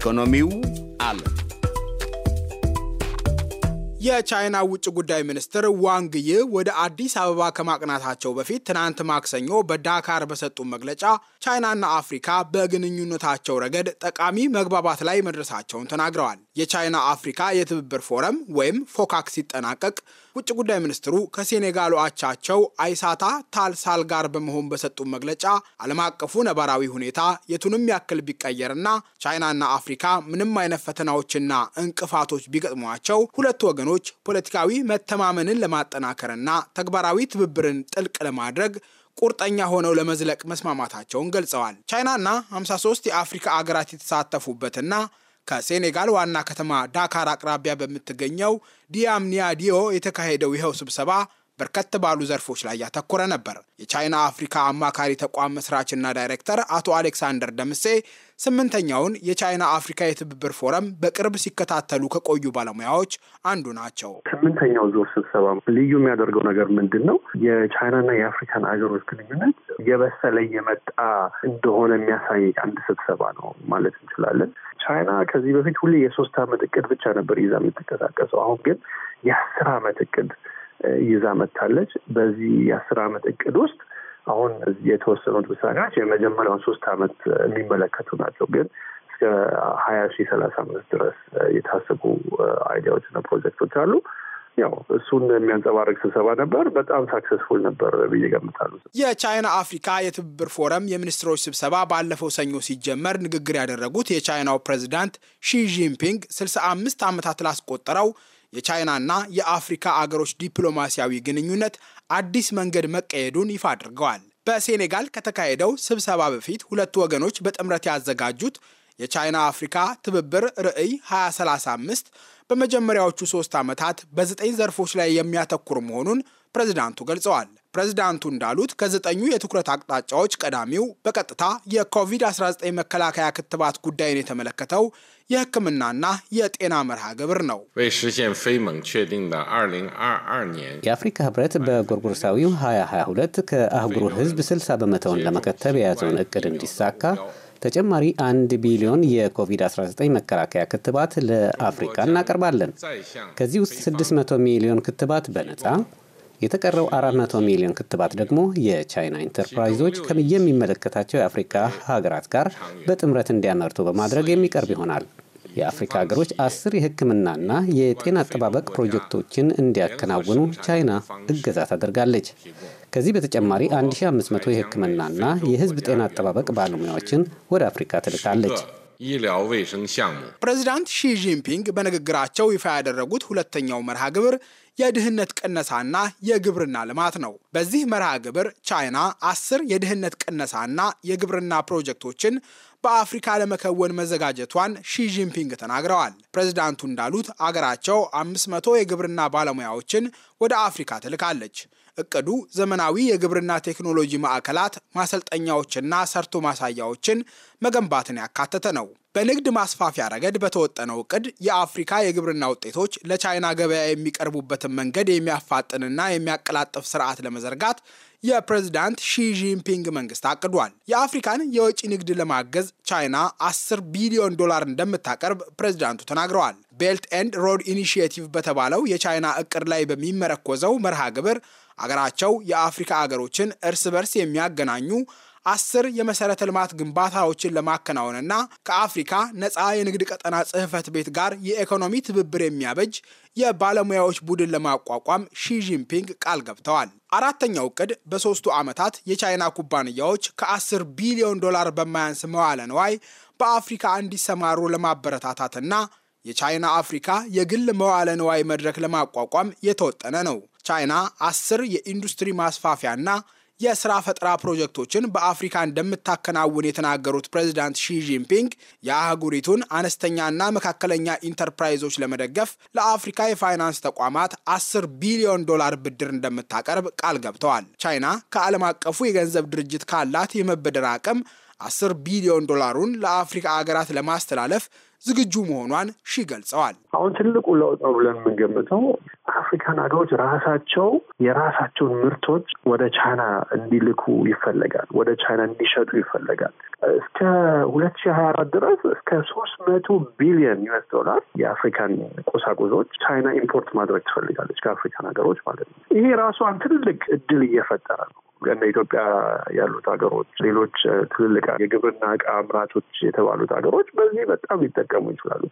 ekonomiu ale. የቻይና ውጭ ጉዳይ ሚኒስትር ዋንግይ ወደ አዲስ አበባ ከማቅናታቸው በፊት ትናንት ማክሰኞ በዳካር በሰጡ መግለጫ ቻይናና አፍሪካ በግንኙነታቸው ረገድ ጠቃሚ መግባባት ላይ መድረሳቸውን ተናግረዋል። የቻይና አፍሪካ የትብብር ፎረም ወይም ፎካክ ሲጠናቀቅ ውጭ ጉዳይ ሚኒስትሩ ከሴኔጋሉ አቻቸው አይሳታ ታልሳል ጋር በመሆን በሰጡ መግለጫ ዓለም አቀፉ ነባራዊ ሁኔታ የቱንም ያክል ቢቀየርና ቻይናና አፍሪካ ምንም አይነት ፈተናዎችና እንቅፋቶች ቢገጥሟቸው ሁለቱ ወገኖች ወገኖች ፖለቲካዊ መተማመንን ለማጠናከርና ተግባራዊ ትብብርን ጥልቅ ለማድረግ ቁርጠኛ ሆነው ለመዝለቅ መስማማታቸውን ገልጸዋል። ቻይናና 53 የአፍሪካ አገራት የተሳተፉበትና ከሴኔጋል ዋና ከተማ ዳካር አቅራቢያ በምትገኘው ዲያምኒያዲዮ የተካሄደው ይኸው ስብሰባ በርከት ባሉ ዘርፎች ላይ ያተኮረ ነበር። የቻይና አፍሪካ አማካሪ ተቋም መስራችና ዳይሬክተር አቶ አሌክሳንደር ደምሴ ስምንተኛውን የቻይና አፍሪካ የትብብር ፎረም በቅርብ ሲከታተሉ ከቆዩ ባለሙያዎች አንዱ ናቸው። ስምንተኛው ዙር ስብሰባ ልዩ የሚያደርገው ነገር ምንድን ነው? የቻይናና የአፍሪካን አገሮች ግንኙነት የበሰለ የመጣ እንደሆነ የሚያሳይ አንድ ስብሰባ ነው ማለት እንችላለን። ቻይና ከዚህ በፊት ሁሌ የሶስት ዓመት እቅድ ብቻ ነበር ይዛ የምትንቀሳቀሰው። አሁን ግን የአስር ዓመት እቅድ ይዛ መታለች። በዚህ የአስር ዓመት እቅድ ውስጥ አሁን የተወሰኑት ውሳኔዎች የመጀመሪያውን ሶስት ዓመት የሚመለከቱ ናቸው ግን እስከ ሀያ ሺህ ሰላሳ አምስት ድረስ የታሰቡ አይዲያዎች እና ፕሮጀክቶች አሉ። ያው እሱን የሚያንጸባርቅ ስብሰባ ነበር። በጣም ሳክሰስፉል ነበር ብዬ ገምታሉ። የቻይና አፍሪካ የትብብር ፎረም የሚኒስትሮች ስብሰባ ባለፈው ሰኞ ሲጀመር ንግግር ያደረጉት የቻይናው ፕሬዚዳንት ሺ ጂንፒንግ ስልሳ አምስት ዓመታት ላስቆጠረው የቻይናና የአፍሪካ አገሮች ዲፕሎማሲያዊ ግንኙነት አዲስ መንገድ መቀየዱን ይፋ አድርገዋል። በሴኔጋል ከተካሄደው ስብሰባ በፊት ሁለቱ ወገኖች በጥምረት ያዘጋጁት የቻይና አፍሪካ ትብብር ርዕይ 2035 በመጀመሪያዎቹ ሶስት ዓመታት በዘጠኝ ዘርፎች ላይ የሚያተኩር መሆኑን ፕሬዚዳንቱ ገልጸዋል። ፕሬዝዳንቱ እንዳሉት ከዘጠኙ የትኩረት አቅጣጫዎች ቀዳሚው በቀጥታ የኮቪድ-19 መከላከያ ክትባት ጉዳይን የተመለከተው የሕክምናና የጤና መርሃ ግብር ነው። የአፍሪካ ህብረት በጎርጎርሳዊው 2022 ከአህጉሩ ህዝብ 60 በመቶውን ለመከተብ የያዘውን እቅድ እንዲሳካ ተጨማሪ አንድ ቢሊዮን የኮቪድ-19 መከላከያ ክትባት ለአፍሪካ እናቀርባለን። ከዚህ ውስጥ 600 ሚሊዮን ክትባት በነፃ የተቀረው 400 ሚሊዮን ክትባት ደግሞ የቻይና ኢንተርፕራይዞች የሚመለከታቸው የአፍሪካ ሀገራት ጋር በጥምረት እንዲያመርቱ በማድረግ የሚቀርብ ይሆናል። የአፍሪካ ሀገሮች አስር የሕክምናና የጤና አጠባበቅ ፕሮጀክቶችን እንዲያከናውኑ ቻይና እገዛ ታደርጋለች። ከዚህ በተጨማሪ 1500 የሕክምናና የሕዝብ ጤና አጠባበቅ ባለሙያዎችን ወደ አፍሪካ ትልካለች። ፕሬዚዳንት ሺ ጂንፒንግ በንግግራቸው ይፋ ያደረጉት ሁለተኛው መርሃ ግብር የድህነት ቅነሳና የግብርና ልማት ነው። በዚህ መርሃ ግብር ቻይና አስር የድህነት ቅነሳና የግብርና ፕሮጀክቶችን በአፍሪካ ለመከወን መዘጋጀቷን ሺጂንፒንግ ተናግረዋል። ፕሬዝዳንቱ እንዳሉት አገራቸው 500 የግብርና ባለሙያዎችን ወደ አፍሪካ ትልካለች። እቅዱ ዘመናዊ የግብርና ቴክኖሎጂ ማዕከላት፣ ማሰልጠኛዎችና ሰርቶ ማሳያዎችን መገንባትን ያካተተ ነው። በንግድ ማስፋፊያ ረገድ በተወጠነው እቅድ የአፍሪካ የግብርና ውጤቶች ለቻይና ገበያ የሚቀርቡበትን መንገድ የሚያፋጥንና የሚያቀላጥፍ ስርዓት ለመዘርጋት የፕሬዝዳንት ሺጂንፒንግ መንግስት አቅዷል። የአፍሪካን የወጪ ንግድ ለማገዝ ቻይና 10 ቢሊዮን ዶላር እንደምታቀርብ ፕሬዝዳንቱ ተናግረዋል። ቤልት ኤንድ ሮድ ኢኒሽቲቭ በተባለው የቻይና እቅድ ላይ በሚመረኮዘው መርሃ ግብር አገራቸው የአፍሪካ አገሮችን እርስ በርስ የሚያገናኙ አስር የመሰረተ ልማት ግንባታዎችን ለማከናወንና ከአፍሪካ ነፃ የንግድ ቀጠና ጽህፈት ቤት ጋር የኢኮኖሚ ትብብር የሚያበጅ የባለሙያዎች ቡድን ለማቋቋም ሺጂንፒንግ ቃል ገብተዋል። አራተኛው እቅድ በሦስቱ ዓመታት የቻይና ኩባንያዎች ከ10 ቢሊዮን ዶላር በማያንስ መዋለ ንዋይ በአፍሪካ እንዲሰማሩ ለማበረታታትና የቻይና አፍሪካ የግል መዋለ ንዋይ መድረክ ለማቋቋም የተወጠነ ነው። ቻይና አስር የኢንዱስትሪ ማስፋፊያና የስራ ፈጠራ ፕሮጀክቶችን በአፍሪካ እንደምታከናውን የተናገሩት ፕሬዚዳንት ሺጂንፒንግ የአህጉሪቱን አነስተኛና መካከለኛ ኢንተርፕራይዞች ለመደገፍ ለአፍሪካ የፋይናንስ ተቋማት 10 ቢሊዮን ዶላር ብድር እንደምታቀርብ ቃል ገብተዋል። ቻይና ከዓለም አቀፉ የገንዘብ ድርጅት ካላት የመበደር አቅም 10 ቢሊዮን ዶላሩን ለአፍሪካ አገራት ለማስተላለፍ ዝግጁ መሆኗን ሺ ገልጸዋል። አሁን ትልቁ ለውጥ ነው ብለን የምንገምተው አፍሪካን ሀገሮች ራሳቸው የራሳቸውን ምርቶች ወደ ቻይና እንዲልኩ ይፈለጋል፣ ወደ ቻይና እንዲሸጡ ይፈለጋል። እስከ ሁለት ሺህ ሀያ አራት ድረስ እስከ ሶስት መቶ ቢሊዮን ዩኤስ ዶላር የአፍሪካን ቁሳቁሶች ቻይና ኢምፖርት ማድረግ ትፈልጋለች ከአፍሪካን ሀገሮች ማለት ነው። ይሄ ራሷን ትልቅ እድል እየፈጠረ ነው። እንደ ኢትዮጵያ ያሉት ሀገሮች፣ ሌሎች ትልልቅ የግብርና እቃ አምራቾች የተባሉት ሀገሮች በዚህ በጣም ሊጠቀሙ ይችላሉ።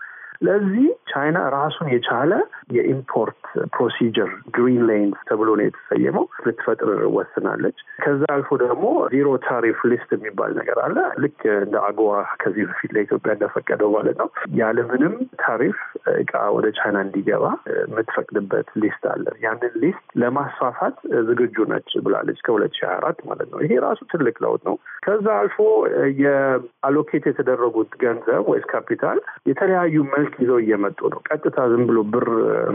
ለዚህ ቻይና ራሱን የቻለ የኢምፖርት ፕሮሲጀር ግሪን ሌንስ ተብሎ ነው የተሰየመው ልትፈጥር ወስናለች። ከዛ አልፎ ደግሞ ዜሮ ታሪፍ ሊስት የሚባል ነገር አለ። ልክ እንደ አጎዋ ከዚህ በፊት ለኢትዮጵያ እንደፈቀደው ማለት ነው። ያለምንም ታሪፍ እቃ ወደ ቻይና እንዲገባ የምትፈቅድበት ሊስት አለ። ያንን ሊስት ለማስፋፋት ዝግጁ ነች ብላለች ከሁለት ሺህ አራት ማለት ነው። ይሄ ራሱ ትልቅ ለውጥ ነው። ከዛ አልፎ የአሎኬት የተደረጉት ገንዘብ ወይስ ካፒታል የተለያዩ መ ስልክ ይዘው እየመጡ ነው። ቀጥታ ዝም ብሎ ብር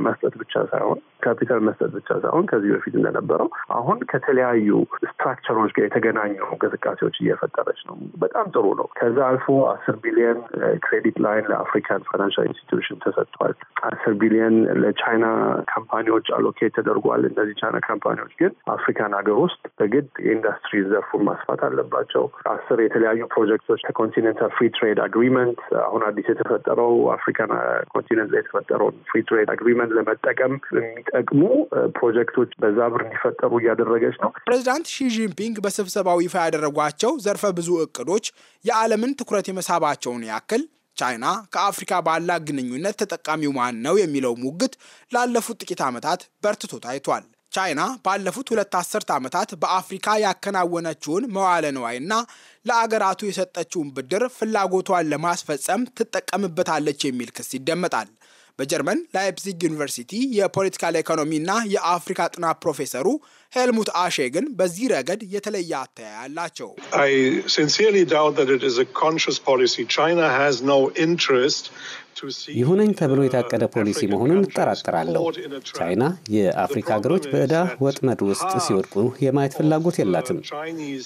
መስጠት ብቻ ሳይሆን ካፒታል መስጠት ብቻ ሳይሆን ከዚህ በፊት እንደነበረው አሁን ከተለያዩ ስትራክቸሮች ጋር የተገናኙ እንቅስቃሴዎች እየፈጠረች ነው። በጣም ጥሩ ነው። ከዛ አልፎ አስር ቢሊየን ክሬዲት ላይን ለአፍሪካን ፋይናንሻል ኢንስቲትዩሽን ተሰጥቷል። አስር ቢሊየን ለቻይና ካምፓኒዎች አሎኬት ተደርጓል። እነዚህ ቻይና ካምፓኒዎች ግን አፍሪካን ሀገር ውስጥ በግድ የኢንዱስትሪ ዘርፉን ማስፋት አለባቸው። አስር የተለያዩ ፕሮጀክቶች ከኮንቲኔንታል ፍሪ ትሬድ አግሪመንት አሁን አዲስ የተፈጠረው አፍሪካ ከኮንቲነንት ላይ የተፈጠረውን ፍሪ ትሬድ አግሪመንት ለመጠቀም የሚጠቅሙ ፕሮጀክቶች በዛ ብር እንዲፈጠሩ እያደረገች ነው። ፕሬዚዳንት ሺጂንፒንግ በስብሰባው ይፋ ያደረጓቸው ዘርፈ ብዙ እቅዶች የዓለምን ትኩረት የመሳባቸውን ያክል ቻይና ከአፍሪካ ባላ ግንኙነት ተጠቃሚው ማን ነው የሚለው ሙግት ላለፉት ጥቂት ዓመታት በርትቶ ታይቷል። ቻይና ባለፉት ሁለት አስርት ዓመታት በአፍሪካ ያከናወነችውን መዋለ ንዋይና ለአገራቱ የሰጠችውን ብድር ፍላጎቷን ለማስፈጸም ትጠቀምበታለች የሚል ክስ ይደመጣል። በጀርመን ላይፕዚግ ዩኒቨርሲቲ የፖለቲካል ኢኮኖሚና የአፍሪካ ጥናት ፕሮፌሰሩ ሄልሙት አሼ ግን በዚህ ረገድ የተለየ አተያይ አላቸው። I sincerely doubt that it is a conscious policy. China has no interest ይሁነኝ ተብሎ የታቀደ ፖሊሲ መሆኑን እጠራጠራለሁ። ቻይና የአፍሪካ ሀገሮች በዕዳ ወጥመድ ውስጥ ሲወድቁ የማየት ፍላጎት የላትም።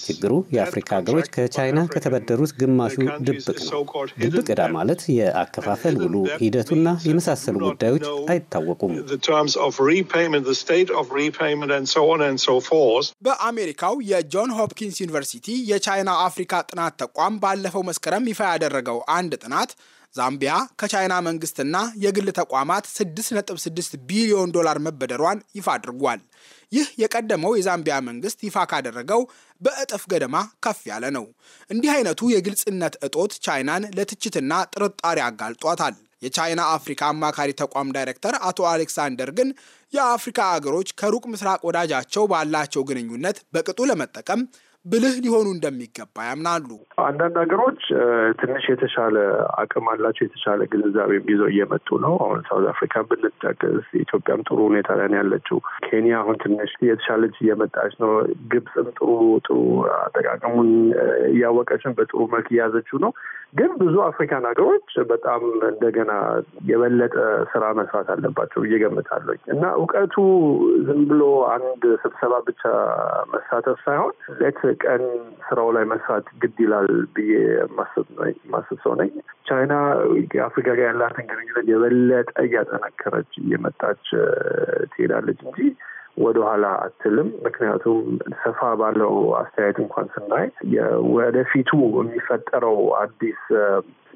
ችግሩ የአፍሪካ ሀገሮች ከቻይና ከተበደሩት ግማሹ ድብቅ ነው። ድብቅ ዕዳ ማለት የአከፋፈል ውሉ ሂደቱና የመሳሰሉ ጉዳዮች አይታወቁም። በአሜሪካው የጆን ሆፕኪንስ ዩኒቨርሲቲ የቻይና አፍሪካ ጥናት ተቋም ባለፈው መስከረም ይፋ ያደረገው አንድ ጥናት ዛምቢያ ከቻይና መንግስትና የግል ተቋማት 6.6 ቢሊዮን ዶላር መበደሯን ይፋ አድርጓል። ይህ የቀደመው የዛምቢያ መንግስት ይፋ ካደረገው በእጥፍ ገደማ ከፍ ያለ ነው። እንዲህ አይነቱ የግልጽነት እጦት ቻይናን ለትችትና ጥርጣሬ አጋልጧታል። የቻይና አፍሪካ አማካሪ ተቋም ዳይሬክተር አቶ አሌክሳንደር ግን የአፍሪካ አገሮች ከሩቅ ምስራቅ ወዳጃቸው ባላቸው ግንኙነት በቅጡ ለመጠቀም ብልህ ሊሆኑ እንደሚገባ ያምናሉ። አንዳንድ ሀገሮች ትንሽ የተሻለ አቅም አላቸው፣ የተሻለ ግንዛቤም ይዘው እየመጡ ነው። አሁን ሳውዝ አፍሪካ ብንጠቅስ ኢትዮጵያም ጥሩ ሁኔታ ላይ ነው ያለችው። ኬንያ አሁን ትንሽ የተሻለች እየመጣች ነው። ግብፅም ጥሩ ጥሩ አጠቃቀሙን እያወቀችን በጥሩ መልክ እያዘችው ነው። ግን ብዙ አፍሪካን ሀገሮች በጣም እንደገና የበለጠ ስራ መስራት አለባቸው ብዬ እና እውቀቱ ዝም ብሎ አንድ ስብሰባ ብቻ መሳተፍ ሳይሆን ሌት ቀን ስራው ላይ መስራት ግድ ይላል ብዬ ማስብ ሰው ነኝ። ቻይና አፍሪካ ጋር ያላትን ግንኙነት የበለጠ እያጠናከረች እየመጣች ትሄዳለች እንጂ ወደኋላ አትልም። ምክንያቱም ሰፋ ባለው አስተያየት እንኳን ስናይ ወደፊቱ የሚፈጠረው አዲስ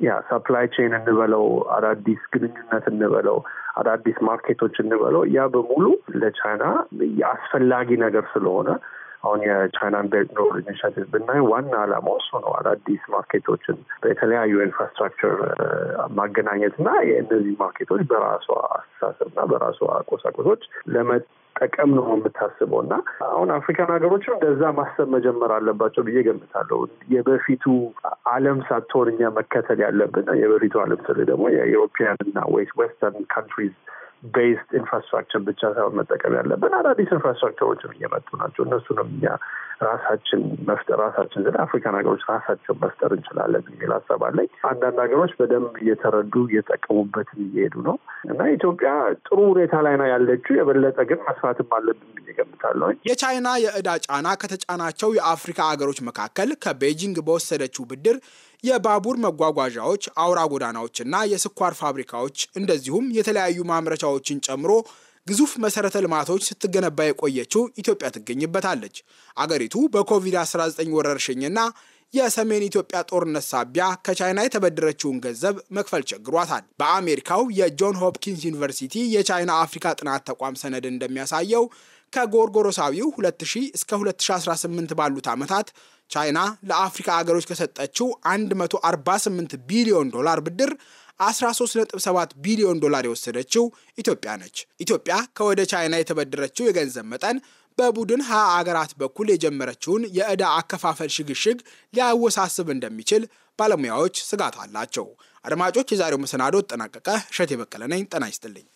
ያ ሰፕላይ ቼን እንበለው አዳዲስ ግንኙነት እንበለው አዳዲስ ማርኬቶች እንበለው ያ በሙሉ ለቻይና የአስፈላጊ ነገር ስለሆነ አሁን የቻይናን ቤልት ሮድ ኢኒሽቲቭ ብናይ ዋና ዓላማ እሱ ነው። አዳዲስ ማርኬቶችን በተለያዩ ኢንፍራስትራክቸር ማገናኘት እና የእነዚህ ማርኬቶች በራሷ አስተሳሰብ እና በራሷ ቁሳቁሶች ለመ ጠቀም ነው የምታስበው እና አሁን አፍሪካን ሀገሮችም እንደዛ ማሰብ መጀመር አለባቸው ብዬ ገምታለሁ። የበፊቱ ዓለም ሳትሆን እኛ መከተል ያለብን የበፊቱ ዓለም ስል ደግሞ የኢሮፒያን እና ዌስተርን ካንትሪዝ ቤስድ ኢንፍራስትራክቸር ብቻ ሳይሆን መጠቀም ያለብን አዳዲስ ኢንፍራስትራክቸሮችም እየመጡ ናቸው። እነሱንም እኛ ራሳችን መፍጠር ራሳችን ዘ አፍሪካን ሀገሮች ራሳቸው መፍጠር እንችላለን የሚል ሀሳብ አለኝ። አንዳንድ ሀገሮች በደንብ እየተረዱ እየጠቀሙበትን እየሄዱ ነው እና ኢትዮጵያ ጥሩ ሁኔታ ላይ ነው ያለችው። የበለጠ ግን መስራትም አለብን ብዬ እገምታለሁ። የቻይና የእዳ ጫና ከተጫናቸው የአፍሪካ ሀገሮች መካከል ከቤጂንግ በወሰደችው ብድር የባቡር መጓጓዣዎች፣ አውራ ጎዳናዎችና የስኳር ፋብሪካዎች እንደዚሁም የተለያዩ ማምረቻዎችን ጨምሮ ግዙፍ መሰረተ ልማቶች ስትገነባ የቆየችው ኢትዮጵያ ትገኝበታለች። አገሪቱ በኮቪድ-19 ወረርሽኝና የሰሜን ኢትዮጵያ ጦርነት ሳቢያ ከቻይና የተበደረችውን ገንዘብ መክፈል ቸግሯታል። በአሜሪካው የጆን ሆፕኪንስ ዩኒቨርሲቲ የቻይና አፍሪካ ጥናት ተቋም ሰነድ እንደሚያሳየው ከጎርጎሮሳዊው 2000 እስከ 2018 ባሉት ዓመታት ቻይና ለአፍሪካ አገሮች ከሰጠችው 148 ቢሊዮን ዶላር ብድር 13.7 ቢሊዮን ዶላር የወሰደችው ኢትዮጵያ ነች። ኢትዮጵያ ከወደ ቻይና የተበደረችው የገንዘብ መጠን በቡድን ሀያ አገራት በኩል የጀመረችውን የዕዳ አከፋፈል ሽግሽግ ሊያወሳስብ እንደሚችል ባለሙያዎች ስጋት አላቸው። አድማጮች፣ የዛሬው መሰናዶ ተጠናቀቀ። እሸት የበቀለ ነኝ። ጤና ይስጥልኝ።